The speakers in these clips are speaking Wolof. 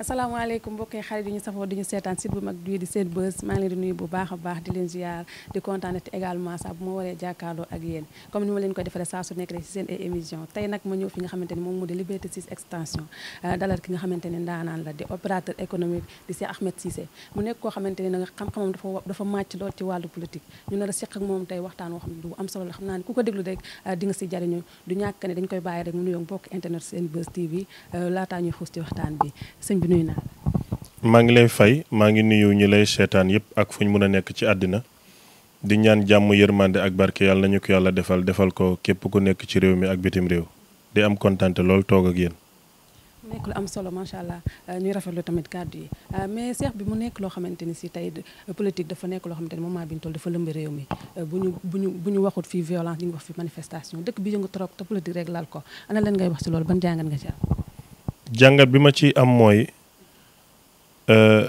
asalaamaaleykum mbokk yi xarit yi ñu safoo di ñu seetaan site bu mag bii di seen bës maa ngi leen di nuyu bu baax a baax di leen ziar di kontaan également saa bu ma waree jàkkaarloo ak yéen comme ni ma leen koy defaree saa su nekk rek ci seen ay émission tey nag ma ñëw fi nga xamante ni moom moo di Liberté 6 extension euh, dalal ki nga xamante ne ndaanaan la di opérateur économique di Cheikh Ahmed Cissé mu nekk koo xamante ne nag xam-xamam dafa dafa màcc lool ci wàllu politique ñu nar la seq ak moom tey waxtaan wax xam du am solo la xam naa ne ku ko déglu rek euh, di nga si jariñu du ñàkk ne dañ koy bàyyi rek mu nuyoo mbokk internet seen bës TV euh, laataa ñuy xuus ci waxtaan bi bi nuyu naa la. ngi lay fay maa ngi nuyu ñi lay seetaan yëpp ak fu ñu mën a nekk ci àddina di ñaan jàmm yërmande ak barke yàlla nañu ko yàlla defal defal ko képp ku nekk ci réew mi ak bitim réew di am kontaan lool toog ak yéen. mu am solo macha allah euh, ñuy rafetlu tamit kàddu yi euh, mais seex bi mu nekk loo xamante ni si tey euh, politique dafa nekk loo xamante ni moment bi ñu toll dafa lëmb réew mi bu ñu bu ñu waxut fii violence ñu wax fi manifestation dëkk bi yëngu trop te politique rek laal ko ana leen ngay wax si loolu ban jàngat nga ci jàngat bi ma ci am mooy euh,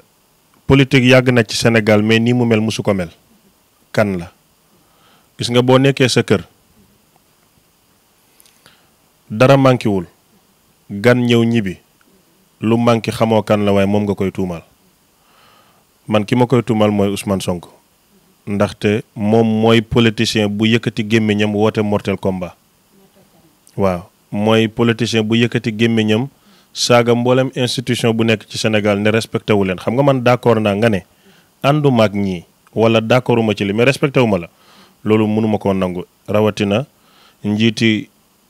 politique yàgg na ci Sénégal mais nii mu mel musu ko mel kan la gis nga boo nekkee sa kër dara mànkiwul gan ñëw ñibbi lu mànki xamoo kan la waaye moom nga koy tuumaal man ki ma koy tuumaal mooy Ousmane sonk ndaxte moom mooy politicien bu yëkkati gémmiñam woote mortel komba waaw mooy politicien bu yëkkati gémmiñam saaga mboolem institution bu nekk ci Sénégal ne respecté wu leen xam nga man d'accord naa nga ne ànduma ak ñii wala d'accorduma ci li mais respecté wu ma la loolu mënuma koo nangu rawatina njiiti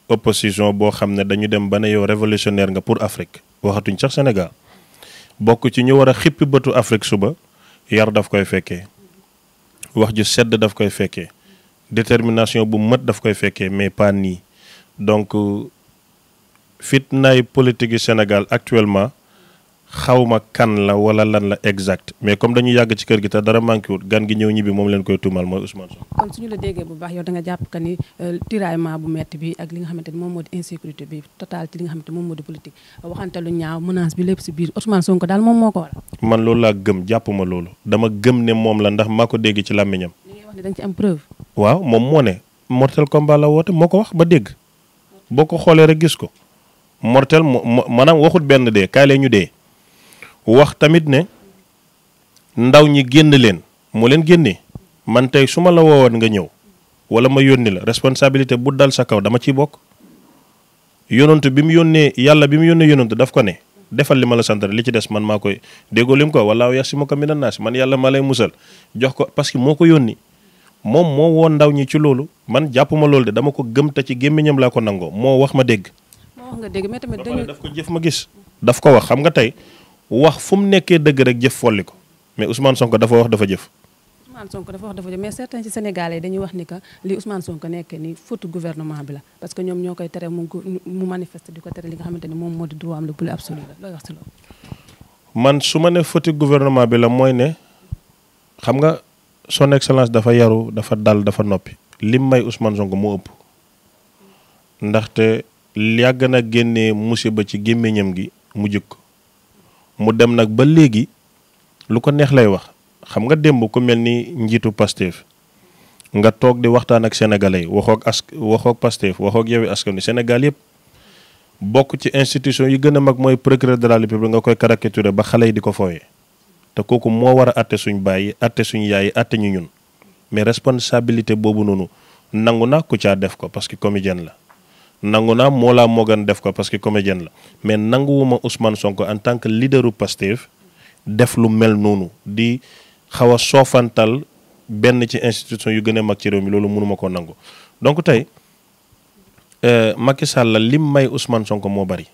opposition boo xam ne dañu dem ba ne yow révolutionnaire nga pour Afrique waxatuñ sax Sénégal bokk ci ñu war a xippi bëtu Afrique suba yar daf koy fekkee wax ju sedd daf koy fekkee détermination bu mët daf koy fekke mais pas nii donc euh, fitnaay politique yi Sénégal actuellement xawma kan la wala lan la exact mais comme dañu yàgg ci kër gi te dara manqué wut gan gi ñëw ñibbi moom leen koy tuumal mooy Ousmane Sonko. kon la déggee bu baax yow da nga jàpp que ni euh, tiraillement bu metti bi ak li nga xamante ni moom moo di insécurité bi total ci li nga xamante ni moom moo di politique waxante lu ñaaw menace bi lépp si biir Ousmane Sonko daal moom moo ko waral. man loolu laa gëm jàpp ma loolu dama gëm ne moom la ndax maa ko dégg ci làmmiñam. li ngay am preuve. waaw moom moo ne mortel combat la woote moo ko wax ba dégg boo ko xoolee rek gis ko mortel maanaam waxut benn dee kaay ñu dee wax tamit ne ndaw ñi génn leen moo leen génnee man tey su ma la woowoon nga ñëw wala ma yónni la responsabilité bu dal sa kaw dama ciy bokk yonantu bi mu yónnee yàlla bi mu yónnee yonantu daf ko ne defal li la sant li ci des man maa koy déggoo lim ko wallaahu yasimuka minan naas man yàlla ma lay musal jox ko parce que moo ko yónni moom moo woo ndaw ñi ci loolu man jàpp ma loolu de dama ko gëm te ci gémmiñam laa ko nangoo moo wax ma dégg wax oh, nga dégg mais tamit dañu daf ko jëf ma gis. daf ko wax xam nga tey wax fu mu nekkee dëgg rek jëf folli ko mais Ousmane Sonko dafa wax dafa jëf. Ousmane Sonko dafa wax dafa jëf mais certains ci Sénégalais dañuy wax ni que li Ousmane Sonko nekkee nii faute gouvernement bi la parce que ñoom ñoo koy tere mu mu manifester di ko tere li nga xamante ni moom moo di droit am le plus absolu la looy wax ci loolu. man su ne faute gouvernement bi la mooy ne xam nga son excellence dafa yaru dafa dal dafa noppi lim may Ousmane Sonko moo ëpp ndaxte. yàgg na génnee musiba ci gémmiñam gi mu jëkk mu dem nag ba léegi lu ko neex lay wax xam nga démb ku mel ni njiitu Pastef nga toog di waxtaan ak sénégalais waxoog as waxoog Pastef waxoog Yewwi Askan Wi Sénégal yëpp bokk ci institution yi gën a mag mooy procureur de la République nga koy caricaturé ba xale yi di ko fooye te kooku moo war a atte suñ baay yi atte suñ yaay yi atte ñu ñun mais responsabilité boobu noonu nangu naa ku caa def ko parce que comédienne la nangu naa moo laa moogan def ko parce que comédienne la mais nanguwuma Ousmane Sonko en tant que leaderu Pastef def lu mel noonu di xaw a soofantal benn ci institution yu gën a mag ci réew mi loolu mënuma koo nangu donc tey euh, Macky Sall la lim may Ousmane Sonko moo bari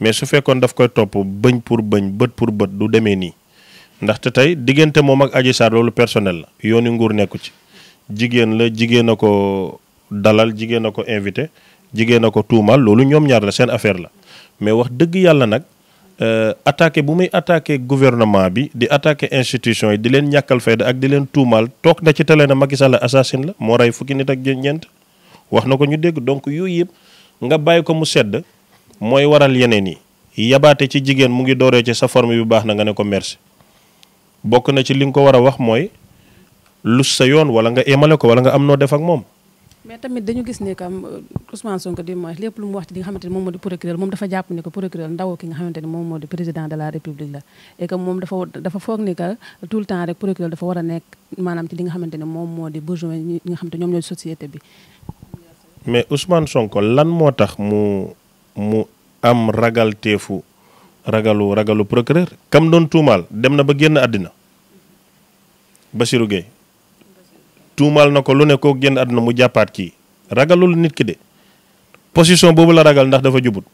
mais su fekkoon daf koy topp bëñ pour bëñ bët pour bët du demee nii ndaxte tey diggante moom mag Adji Sarr loolu personnel la yoonu nguur nekku ci jigéen la jigéen a ko dalal jigéen a ko invité jigéen a ko tuumaal loolu ñoom ñaar la seen affaire la mais wax dëgg yàlla nag euh, attaqué bu muy attaqué gouvernement bi di attaqué institution yi di leen ñàkkal fayda ak di leen tuumaal toog na ci télé na Macky Sall assassin la moo rey fukki nit ak ñeent wax na ko ñu dégg donc yooyu yëpp nga bàyyi ko mu sedd mooy waral yeneen yi yabaate ci jigéen mu ngi dooree ci sa forme bi baax na nga ne ko merci bokk na ci li nga ko war a wax mooy lus sa yoon wala nga émale ko wala nga am noo def ak moom mais tamit dañu gis ne kam euh, Ousmane Sonko di mooy lépp lu mu wax ci li nga xamante ne moom moo di procureur moom dafa jàpp ne que procureur ndaw ki nga xamante ne moom moo di président de la république ni a nekk maanaam ci li nga ne moom moo di besoin ñi nga xamante ñoom ñoo di mais Ousmane Sonko lan moo tax mu mu am ragal teefu ragalu ragalu procureur kam doon tuumaal dem na ba génn àddina Bassirou Gueye tumal na ko lu ne koo génn àdduna mu jàppaat kii ragalul nit ki de position boobu la ragal ndax dafa jubut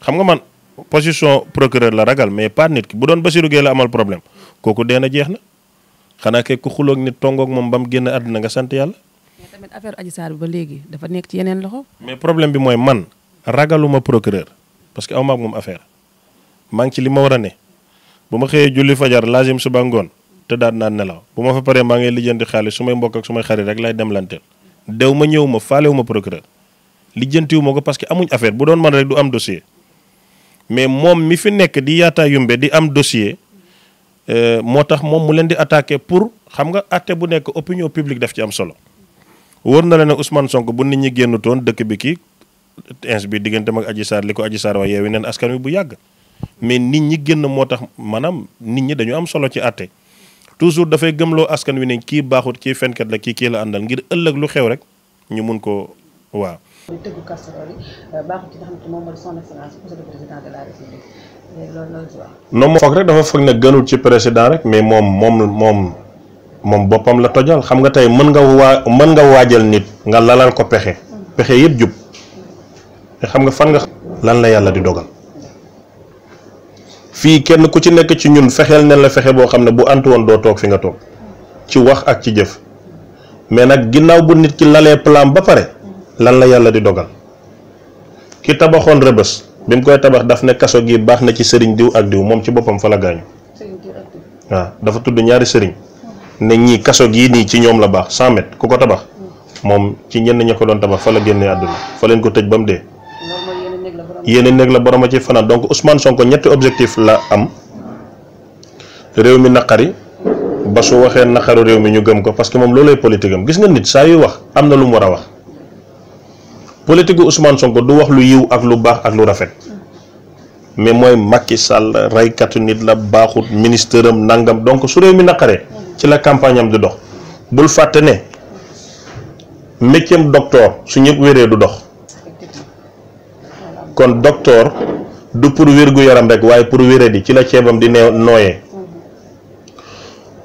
xam nga man position procureur la ragal mais pas nit ki bu doon Bassirou Guèye la amal problème kooku de na jeex na xanaa ke ku xuloog nit tongoog moom ba mu génn àdduna nga sant yàlla. mais tamit affaire Adji Sarr ba léegi dafa ci loxo. mais problème bi man ragaluma procureur parce que aw ak moom affaire maa ci li ma ne bu ma julli fajar lazim suba te daan naa nelaw bu ma fa paree maa ngay lijjanti xaalis su may mbokk ak su may xarit rek lay dem lanteel dew ma ñëw ma faalewu ma procureur lijjantiwu ko parce que amuñ affaire bu doon man rek du am dossier mais moom mi fi nekk di yaataa yumbe di am dossier euh, moo tax moom mu leen di attaqué pour xam nga atte bu nekk opinion publique daf ci am solo wër na la ne Ousmane Sonko bu nit ñi toon dëkk bi kii ins bi diggante mag Adji Sarr li ko Adji Sarr wa yeewi neen askan wi bu yàgg mais nit ñi génn moo tax maanaam nit ñi dañu am solo ci atte toujours dafay gëmloo askan wi ne kii baaxut kii fenkat la kii kii la àndal ngir ëllëg lu xew rek ñu mun ko waaw. muy tëggu euh, moom euh, moom foog ne gënul ci président rek mais moom moom moom moom boppam la tojal xam nga tey mën nga waa mën nga waajal nit nga lalal ko pexe. Mm. pexe yëpp jub te xam nga fan nga. lan la yàlla di dogal. fii kenn ku ci nekk ci ñun fexeel ne la fexe boo xam ne bu antu woon doo toog fi nga toog ci wax ak ci jëf mais nag ginnaaw bu nit ki lalee plan ba pare lan la yàlla di dogal ki tabaxoon rëbës bi mu koy tabax daf ne kaso gi baax na ci sëriñ diw ak diw moom ci boppam fa la gaañu waaw dafa tudd ñaari sëriñ ne ñii kaso gii nii ci ñoom la baax 100 ku ko tabax moom ci ñenn ña ko doon tabax fa la génnee àdduna fa leen ko tëj ba mu dee. yene nek la borom ci fana donc Ousmane Sonko ñetti objectif la am rewmi nakari, ba su waxe nakaru rewmi ñu gëm ko parce que mom lolay politique am gis nga nit sa yu wax amna lu mu wara wax politique Ousmane Sonko du wax lu yiw ak lu bax ak lu rafet mais moy Macky Sall katu nit la baxut nangam donc su rewmi nakare ci la campagne am du dox bul fatene docteur su ñep wéré du dox kon docteur du pour wér gu yaram rek waye pour wére di ci la ceebam di noyé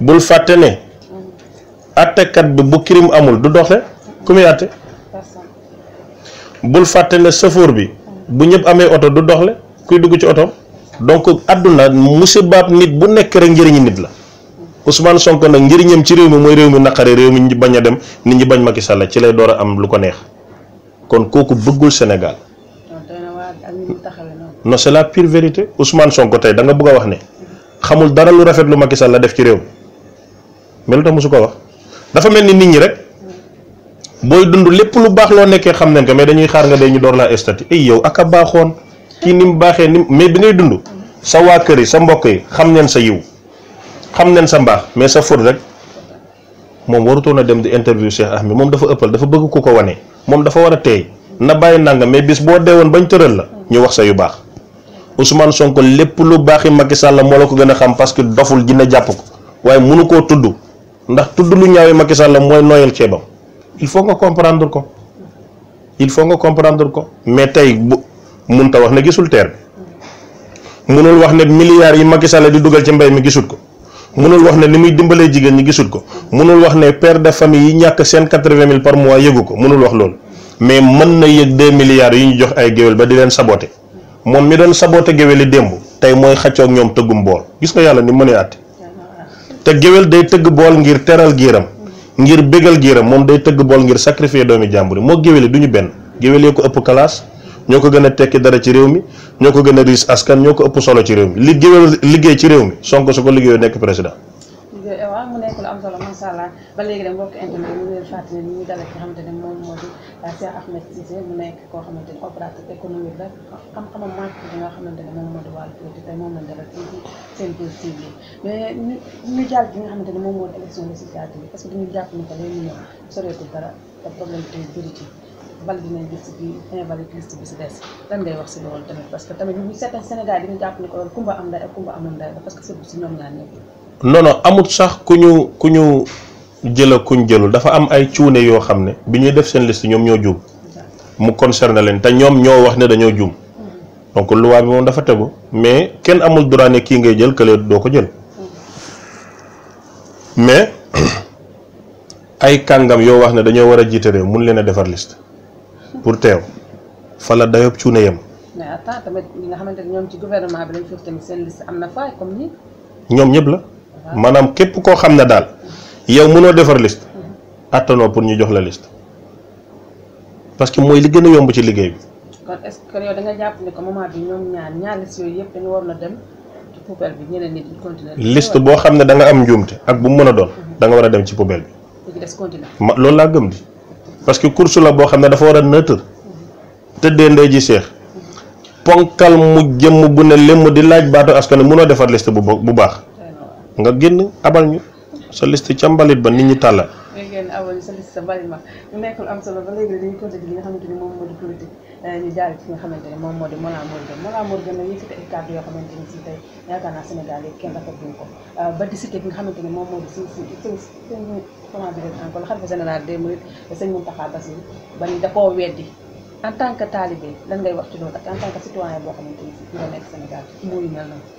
bul bul né atté attekat bi bu krim amul du doxé kumi muy atte bul faté né chauffeur bi bu ñëp amé auto du doxlé kuy dugg ci auto donc àdduna bab nit bu nek rek ñi nit la Ousmane Sonko ngir ñëm ci réew mi moy réew mi naqare réew mi baña dem nit ñi bañ ci lay doora am lu ko neex kon koku bëggul Sénégal no c'est la pure vérité Ousmane Sonko tay da nga bëgg wax ne xamul dara lu rafet lu Macky la def ci réew mais lu musuko wax dafa melni nit ñi rek boy dund lepp lu bax lo nekké xam nañ ko mais dañuy xaar nga day ñu door la estati ay eh, yow aka a ki nim baxé nim mais bi ngay dund sa wa kër yi sa mbokk yi xam nañ sa yiw xam nañ sa mbax mais sa fur rek dem di interview Cheikh Ahmed Mom dafa eppal dafa bëgg ku ko wane Mom dafa wara na bàyyi nang mais bis bo dewon bañ teural la ñu wax sa yu bax Ousmane Sonko lepp lu baxi Macky Sall mo la ko gëna xam parce que doful dina japp ko waye mënu ko tudd ndax tudd lu ñaawé Macky Sall noyel ci bam il faut nga comprendre ko il faut nga comprendre ko mais tay bu ta wax ne gisul terre mënul munul wax ne milliard yi Macky Sall di duggal ci mbay mi gisul ko munul wax ne ni muy dimbalé jigen ni gisul ko munul wax ne père de famille yi ñak sen 80000 par mois yeguko mënul munul wax mais mën na yëg deux milliards yu ñu jox ay géwél ba di leen saboté moom mi doon saboote géwél yi démb tey mooy xaccoog ñoom tëggum bool gis nga yàlla ni mënee àtte te géwél day tëgg bool ngir teral giiram ngir bégal giiram moom day tëgg bool ngir sacrifier doomi jàmbur yi moo géwél yi du ñu benn géwél yee ko ëpp kalaas ñoo ko gën a tekki dara ci réew mi ñoo ko gën a riis askan ñoo ko ëpp solo ci réew mi li géwél liggéey ci réew mi Sonko su ko liggéeyoo nekk président nekk lu am solo macha allah ba léegi de mbokk internet mu ngi leen fàttali ñu dalal ki nga xamante ne moom moo di Cheikh Ahmed Cissé mu nekk koo xamante ne opérateur économique la xam-xamam màcc bi nga xamante ne moom moo di wàllu politique tey moom lañ dalal fii ci Senbuzz TV mais ñu ñu jàll bi nga xamante ne moom moo di élection législative parce que dañu jàpp ni que léegi ñoom soreetul dara te problème bi bëri ci bal dinañ gis bi invalide liste bi si des lan ngay wax si loolu tamit parce que tamit ñu certains Sénégal yi ñu jàpp ni ko loolu kumba am ndey ak kumba amul ndey la parce que c'est si ñoom laa nekk non amut sax ku ñu ku ñu jëla kuñ jëlul dafa am ay cuune yoo xam ne bi ñuy def seen liste ñoom ñoo juum mu concerné leen te ñoom ñoo wax ne dañoo juum donc loi bi moom dafa tegu mais kenn amul droit kii ngay jël kële doo ko jël mais ay kàngam yoo wax ne dañoo war a jiite réew mun leen a defar liste pour teew fa la dayob cuune yem. ñoom ci ñoom ñëpp la. maanaam képp koo xam ne daal yow mënoo defar liste attanoo pour ñu jox la liste parce que mooy li gën a yomb ci liggéey bi. boo xam ne da nga am njuumte ak bu mu mën a doon da nga war a dem ci poubelle bi. ma loolu laa gëm di parce que course la boo xam ne dafa war a neutre tëddee ndey ji seex ponkal mu jëmm bu ne lëm di laaj baatu askan wi mënoo defar liste bu bu baax. nga génn abal ñu sa liste ca mbalit ba nit ñi tàllal. nga génn abal ñu sa liste sa mbalit ma ñu nekkul am solo ba léegi dañuy continuer li nga xamante ni moom moo di politique eh, ñu jaar ci nga xamante ni moom moo di Mollah Morgun Mollah Morgun nag yëkkati ay kàddu yoo xamante ni si tey yaakaar naa Sénégal yi kenn rafetlu ko eh, ba di cité bi nga xamante ni moom moo di si si sëñ sëñ comment dire encore xalifa général des mourides sëñ Mountakha Bassirou ba ni da koo weddi en tant que talibé lan ngay wax ci loolu ak en tant que citoyen boo xamante ni si nga nekk Sénégal ci mbiru mel noonu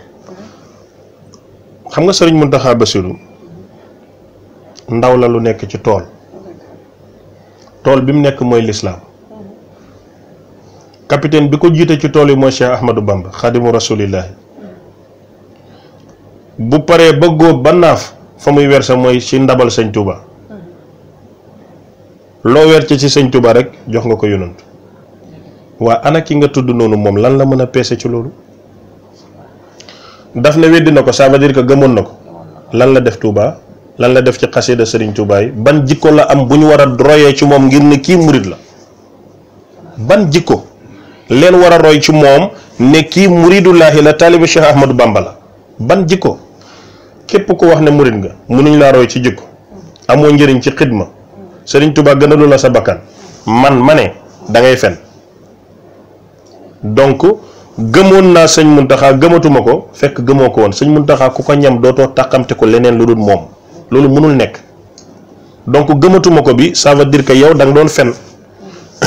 xam nga sëriñ Mountakha Bassirou ndaw la lu nekk ci tool tool bi mu nekk mooy lislaam capitaine bi ko jiite ci tool yi mooy Cheikh Ahmadou Bamba xadimu rasulillahi bu paree ba góob ba naaf fa muy wersa mooy ci ndabal sëñ Touba loo weer ci sëñ Touba rek jox nga ko yonant waa ana ki nga tudd noonu moom lan la mën a peese ci loolu daf ne weddi na ko ça veut que gëmoon na ko lan la def Touba lan la def ci xasida Serigne Touba yi ban jikko la am bu ñu war a royee ci moom ngir ne kii murit la ban jikko leen war a roy ci moom ne kii muridullaahi la taaliba Cheikh Ahmadou Bamba la ban jikko képp ko wax ne murit nga munuñ laa roy ci jikko amoo njëriñ ci xidma Serigne Touba gënalu la sa bakkan man ma ne dangay ngay fen gëmoon naa sëñ Muntaxa gëmatuma ko fekk gëmoo ko woon sëñ Muntaxa ku ko ñam dootoo tàqamte ko leneen lu dul moom loolu mënul nekk donc gëmatuma ko bi ça veut dire que yow da nga doon fen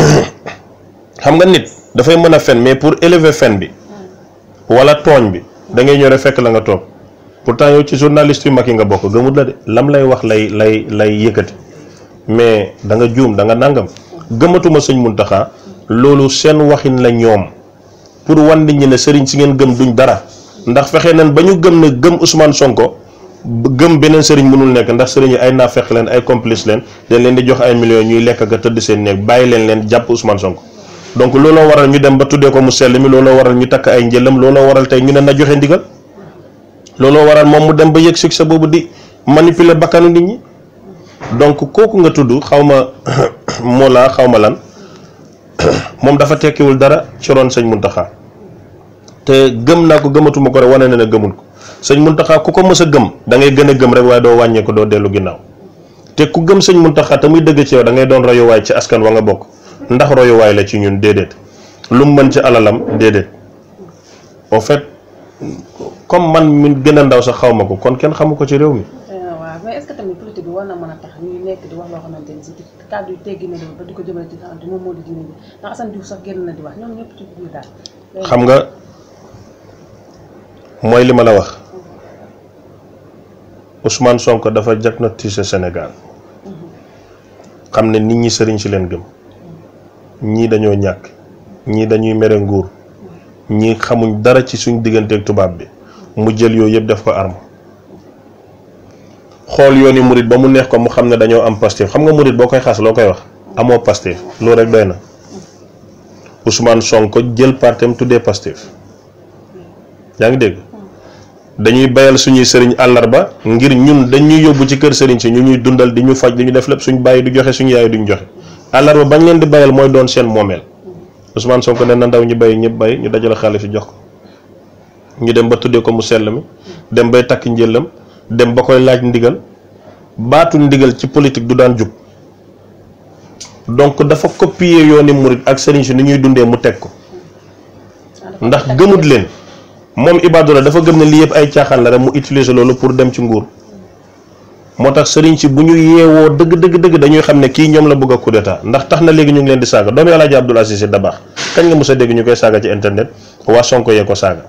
xam nga nit dafay mën a fen mais pour élever fen bi wala tooñ bi da ngay ñëw fekk la nga toog pourtant yow ci journaliste yu mag yi nga bokk gëmut la de lam lay wax lay lay lay yëkkati mais da nga juum da nga nàngam gëmatuma sëñ Muntaxa loolu seen waxin la ñoom. pour wandi ñi ne sëriñ ci ngeen gëm duñ dara ndax fexé nañ bañu gëm ne gëm Ousmane Sonko gëm benen sëriñ mënul nek ndax sëriñ yi ay naafeq leen ay complice leen dañ leen di jox ay millions ñuy lekk ga teud seen nek bayi leen leen japp Ousmane Sonko donc lolo waral ñu dem ba tuddé ko mu sell mi lolo waral ñu tak ay njëlam lolo waral tay ñu ne na joxe ndigal lolo waral mom mu dem ba yek succès bobu di manipuler bakkanu nit ñi donc koku nga tuddu xawma ma Mola xawma lan moom dafa tekkiwul dara ci ron sëñ Muntaxa te gëm naa ko gëmatuma ko rek wane na ne gëmul ko sëñ Muntaxa ku ko mës a gëm da ngay gën a gëm rek waaye doo wàññeeku doo dellu ginnaaw te ku gëm sëñ Muntaxa te muy dëgg ci yow da doon royuwaay ci askan wa nga bokk ndax royuwaay la ci ñun déedéet lu mu mën ci alalam déedéet au fait comme man mi gën ndaw sax xaw ma ko kon kenn xamu ko ci réew mi. Eh, xam nga mooy li ma la wax Ousmane sonk dafa diagnostiqué senegaal xam ne nit ñi sëriñ si leen gëm ñii dañoo ñàkk ñii dañuy mere nguur ñii xamuñ dara ci suñ digganteeg tubaab bi mu jël yooyu yëpp def ko arme. xool yooni murid ba mu neex ko mu xam ne dañoo am pastif, xam nga murid boo koy xas loo koy wax amoo pastif loolu rek doy Ousmane Sonko jël partem tuddee pastif. yaa ngi dégg dañuy bayal suñuy sëriñ alarba, ngir ñun dañuy yóbbu ci kër sëriñ si ñu ñuy dundal di ñu faj di ñu def lépp suñ bàyyi du joxe suñu yaay duñ joxe àllarba bañ leen di bayal mooy doon seen moomeel Ousmane Sonko ne na ndaw ñu bay ñëpp bay ñu dajale xaalis si jox ko ñu dem ba tuddee ko mu sell dem bay takk njëllam dem ba koy laaj ndigal baatu ndigal ci politique du daan jub donc dafa copier yooni murit ak sëriñ si ni ñuy dundee mu teg ko ndax gëmut leen moom Ibadou la dafa gëm ne lii yëpp ay caaxaan la mu utiliser loolu pour dem ci nguur moo tax sëriñ si bu ñu yeewoo dëgg dëgg dëgg dañuy xam ne kii ñoom la bëgg a coup d'état ndax tax na léegi ñu ngi leen di saaga doomu El Hadj Abdoul Aziz Sy Dabakh kañ nga mos dégg ñu koy saaga ci internet waa Sonko yee ko saaga.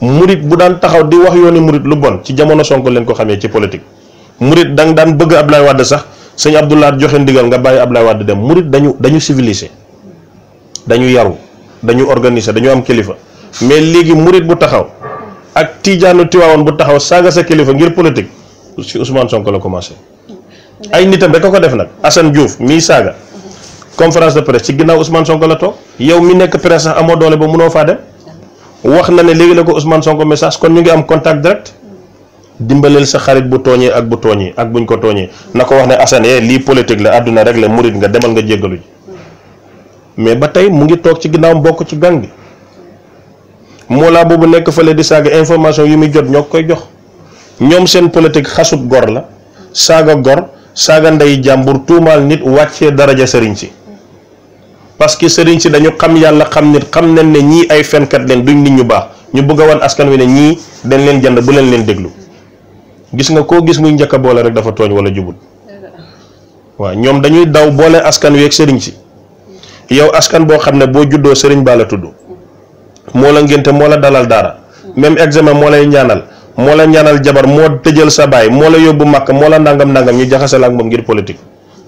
Murid bu daan taxaw di wax yoni murid lu bon ci jamono sonko len ko xamé ci politique murid dang daan bëgg ablay wad sax seigne abdoullah joxe ndigal nga baye ablay wad dem murid dañu dañu civilisé dañu yaru dañu organiser dañu am kilifa mais murid murid bu taxaw ak tidiane tiwawon bu taxaw saga sa kilifa ngir politique ci Ousmane Sonko la commencé ay nitam rek ko def nak Assane Diouf mi saga conférence de presse ci ginnaw Ousmane Sonko la tok yow mi nek presse amo doole ba mëno fa dem wax na ne léegi la ko Ousmane Sonko message kon ñu ngi am contact direct dimbalel sa xarit bu tooñee ak bu tooñee ak buñ ko tooñee nako ko wax ne Assane eh, li politique la aduna rek la murit nga demal nga djéggalu mais ba tay mu ngi tok ci ginnaawam bokk ci gang bi moolaa boobu nekk fële di saga information yimi jot ñok koy jox ñom sen politique gor la saga gor saga nday jambour tuumaal nit wàccee daraja serigne parce que sëriñ ci dañu xam yalla xam nit xam nañ ne ñi ay kat leen duñ nit ñu baax ñu bëgg askan wi ne ñi dañ leen jënd bu leen leen déglu gis nga ko gis muy ñëkka boole rek dafa toñ wala jubul wa ñom dañuy daw boole askan wi ak sëriñ ci yow askan bo xamne bo boo juddoo bala baa la tudd la ngenté mo la dalal dara même examen mo lay ñaanal mo la ñaanal jabar mo tegel sa mola mo la yobbu màkk mo la nangam nangam ñu jaxassal ak mom ngir politique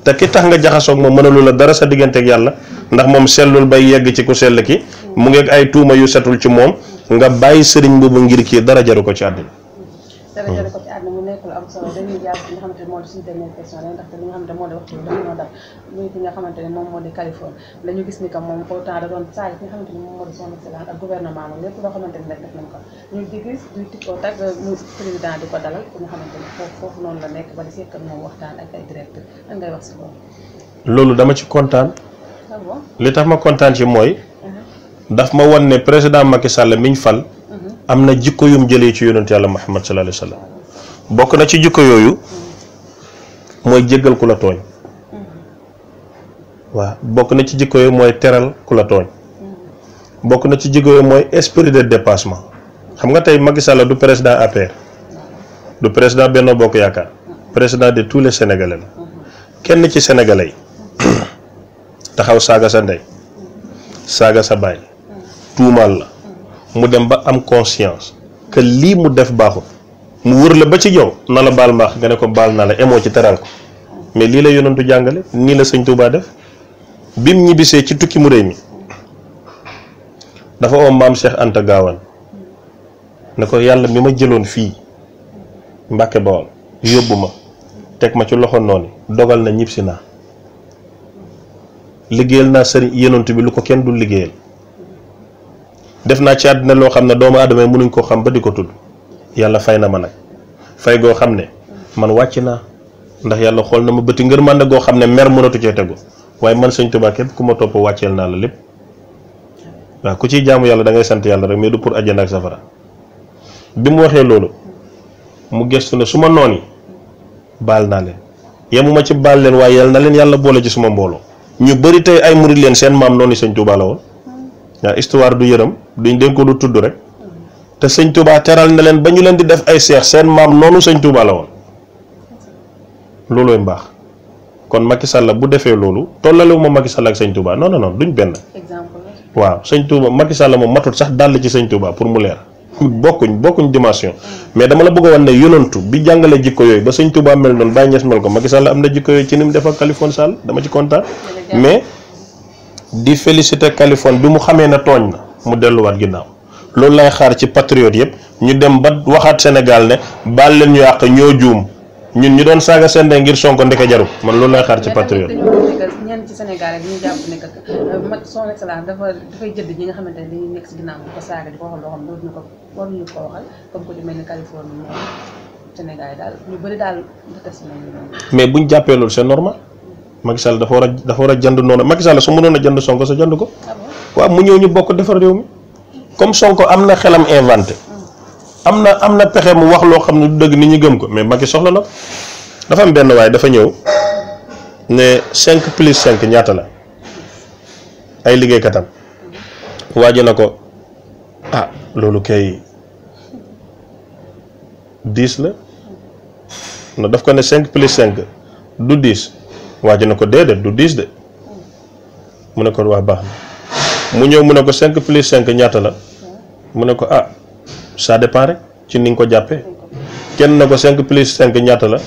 te ki tax nga jaxasoog moom mënalu la dara sa digganteeg yàlla ndax moom sellul bay yegg ci ku sell ki mu ngi ay tuuma yu setul ci moom nga bàyyi sëriñ boobu ngir kii dara jaru ko ci àddina nekk lu loolu dama ci kontaan ah li tax ma kontaan ci mooy uh-huh. daf ma won ne président Macky mi ñu fal uh-huh. am na jikko yum jëlee ci yonent yàlla Muhammad sallallahu alayhi wa bok na ci jukko yoyu moy jéggal kula togn wa bok na ci jukko yoyu moy teral kula togn bok na ci jukko yoyu moy esprit de dépassement xam nga tay Macky Sall du président APR du président Benno Bokk Yakar président de tous les sénégalais kenn ci sénégalais taxaw saga sa ndey saga sa mu dem ba am conscience que li mu def mu wër la ba ci yow na la baal mbaax nga ne ko baal naa la emoo ci teral ko mais lii la yonantu jàngale nii la sëñ Touba def mu ñibbisee ci tukki mu réy mi dafa om maam Cheikh Anta Gaawaan ne ko yàlla mi ma jëloon fii Mbàkke Bawol yóbbu ma teg ma ci loxo noonu dogal na ñibbisi naa liggéeyal naa sëriñ yonantu bi lu ko kenn du liggéeyal def naa ci àddina loo xam ne doomu aadama yi mënuñ koo xam ba di ko tudd yàlla fay na ma nag fay goo xam ne man wàcc naa ndax yàlla xool na ma bëti ngër mànd goo xam ne mer mënatu cee tegu waaye man sëñ Tuubaa képp ku ma topp wàcceel naa la lépp waaw ku ciy jaamu yàlla da ngay sant yàlla rek mais du pour àjjana ak safara bi mu waxee loolu mu gëstu ne su ma noon yi baal naa leen yemuma ci baal leen waaye yàlla na leen yàlla boole ci suma mbooloo ñu bëri tey ay murit leen seen maam noonu sëñ Tuubaa la woon waaw histoire du yërëm duñ den ko tudd rek te señ Touba teral na len bañu len di def ay cheikh sen mam nonu señ Touba la won loloy mbax kon Macky Sall bu defé lolou tollalewu mo Macky Sall ak señ Touba non non non duñ exemple waaw señ Touba Macky Sall mo matut sax dal ci señ Touba pour mu leer. bokkuñ bokkuñ dimension mm. mais dama la bëgg won né yonentou bi jangalé jikko yoy ba señ Touba mel non bay ñess mel ko Macky Sall amna jikko yoy ci nim def ak Sall dama ci kontaan. mais di féliciter Kaliphone bi mu xamé na togn na mu wat ginnaw loolu lay xaar ci patriote yëpp ñu dem ba waxaat Sénégal ne baal leen ñu àq ñoo juum ñun ñu doon saaga seen ngir Sonko ndeke jaru man loolu lay xaar ci patriote. ñenn ci Sénégal ñu jàppee loolu c'est normal Macky Sall dafa war a dafa war a jënd noonu Macky Sall su mënoon a jënd Sonko sa jënd ko. Ah waaw mu ñëw ñu bokk defar réew mi comme sonk am na xelam inventé am na am na pexe mu wax loo xam ne du dëgg ni ñi gëm ko mais Macky soxla na dafa am benn waaye dafa ñëw ne cinq plus cinq ñaata la ay liggéeykatam waaji na ko ah loolu kay 10 la na daf ko ne cinq plus cinq du 10 waaji na ko déedéet du 10 de mu ne ko wax baax mu ñëw mu ne ko 5 plus cinq ñaata la. mu ne ko ah ça dépend rek ci ni nga ko jàppee kenn na ko 5 plus 5 ñaata la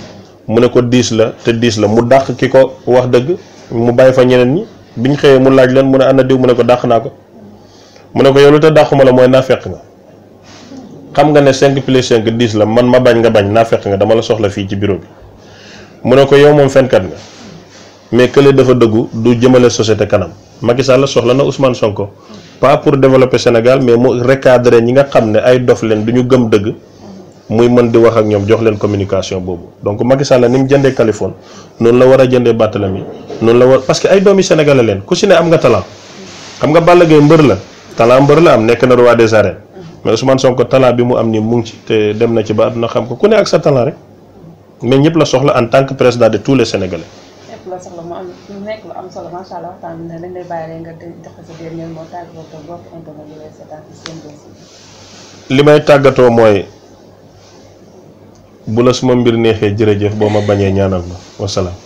mu ne ko 10 la te 10 la mu dàq ki ko wax dëgg mu bàyyi fa ñeneen ñi biñ xëyee mu laaj leen mu ne ana diw mu ne ko dàq naa ko mu ne ko yow lu te dàquma la mooy naa fekk nga xam nga ne 5 plus 5 10 la man ma bañ nga bañ naa fekk nga dama la soxla fii ci bureau bi mu ne ko yow moom fenkat nga mais kële dafa dëggu du jëmale société kanam Macky Sall soxla na Ousmane Sonko pas pour développer Sénégal mais mu recadrer ñi nga xam ay dof leen duñu gëm dëgg muy mën di wax ak ñom jox leen communication bobu donc Macky Sall ni mu jëndee Kaliphone la wara jëndé jëndee non la war parce que ay doomi Sénégalais leen ku si ne am nga talent xam nga Balla Gaye mbeur la talent mbeur la am nek na roi des arènes mais Ousmane Sonko talent bi mu am ni mu ci te dem na ci ba na xam ko ku né ak sa talent rek mais ñëpp la soxla en tant que président de tous les Sénégalais li may tàggatoo mooy bu la suma mbir neexee jërëjëf boo ma bañee ñaanal ma wasalaam.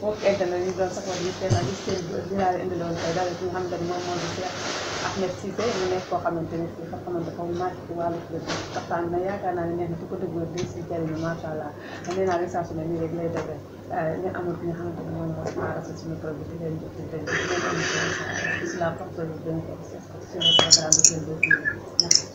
mbokk internet yi doon sax di seen ak seen dinaa leen indi doon daal di nga xamante ni moom moo di Cheikh Ahmed Cissé mu nekk koo xamante ko màcc ci wàllu na yaakaar naa ne neex naa rek saa lay defee ñu amul fi nga xamante ni moom moo aara sa suñu di leen jox di leen jox di leen bi di leen jox si seen programme bi